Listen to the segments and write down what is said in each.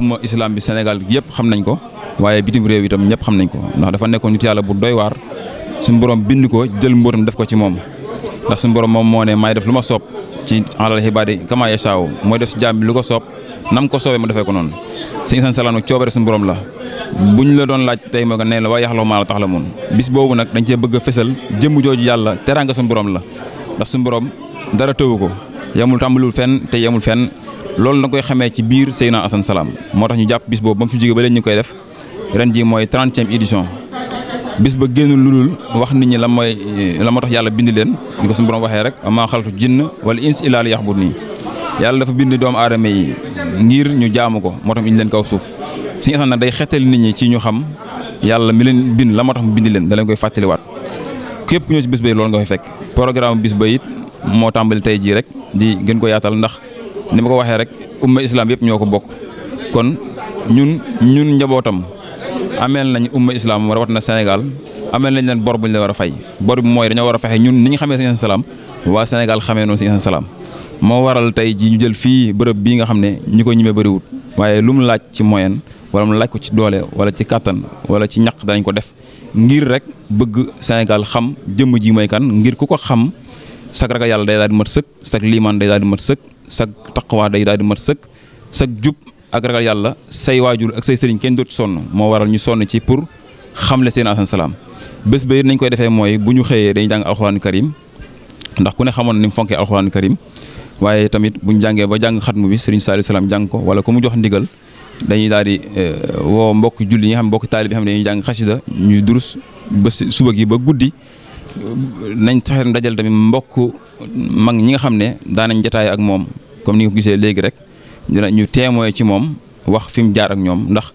ma islam bi Sénégal yëpp xam nañ ko waaye bitim réew itam ñëpp xam nañ ko ndax dafa nekkoon nit yàlla bu doy waar suñu borom bind ko jël mbóotam def ko ci moom ndax suñu borom moom moo ne maay def lu ma soob ci alal xibaadi kamaa yasaaw mooy def si jaam bi lu ko soob nam ko soobee mu defee ko noonu sëñ san salaan nag coobare suñu borom la buñ la doon laaj tey moo ko nee la waaye yaxlaw maa la tax la moon bis boobu nag dañ cee bëgg a fësal jëmm jooju yàlla teraanga suñu borom la dara tëwu ko yamul tàmbaliwul fen te yamul fen loolu na koy xamee ci biir Seydina Assane salaam moo tax ñu jàpp bis boobu ba mu fi jógee ba léegi ñu koy def ren ji mooy trentième édition bis ba génn lu dul wax nit ñi la mooy la moo tax yàlla bind leen ni ko suñu borom waxee rek amaa xalatu jinn wala ins ilaa li yaxbuduni yàlla dafa bind doomu aadama yi ngir ñu jaamu ko moo tax indi leen kaw suuf Sëriñ Assane nag day xettali nit ñi ci ñu xam yàlla mi leen bind la moo tax leen da leen koy fàttaliwaat képp ku ñëw ci bis bay nga fekk programme bis ba moo tàmbali tey jii rek di gën ko yaatal ndax ni ma ko waxee rek umma islam yëpp ñoo ko bokk kon ñun ñun njabootam ameel nañ umma islam rawat na Sénégal ameel nañ leen bor bu ñu la war a fay bor bi mooy dañoo war a fexe ñun ni ñu xamee Sëñ Assane Salam waa Sénégal xamee noonu Sëñ Assane Salam moo waral tey ji ñu jël fii bërëb bii nga xam ne ñu ko ñimee bëriwut waaye lu mu laaj ci moyen wala mu laaj ko ci doole wala ci kàttan wala ci ñaq danañ ko def ngir rek bëgg Sénégal xam jëmm ji mooy kan ngir ku ko xam sag ragal yàlla day daal di mat sëkk sag liimaan day daal di mat sëkk sag taqwa day daal di mat sëkk sag jub ak ragal yàlla say waajur ak say sëriñ kenn dootu sonn moo waral ñu sonn ci pour xamle seen asan salaam bés ba nañ koy defee mooy bu ñu xëyee dañuy jàng alxuraan karim ndax ku ne xamoon ni mu fonkee alxuraan karim waaye tamit bu ñu jàngee ba jàng xatmu bi sëriñ Saliou Salaam jàng ko wala ku mu jox ndigal dañuy daal di euh, woo mbokk julli ñi nga xam mbokk taalib yi nga xam ne dañuy jàng xasida ñu durus ba suba gi ba guddi nañ saxeen dajal tamit mbokk mag ñi nga xam ne daanañ jataay ak moom comme ni nga ko gisee léegi rek dina ñu témoin ci moom wax fi mu jaar ak ñoom ndax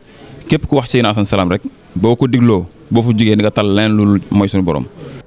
képp ku wax Seydina Asan Salaam rek boo ko digloo boo fa jugee di nga tal leen loolu mooy suñu borom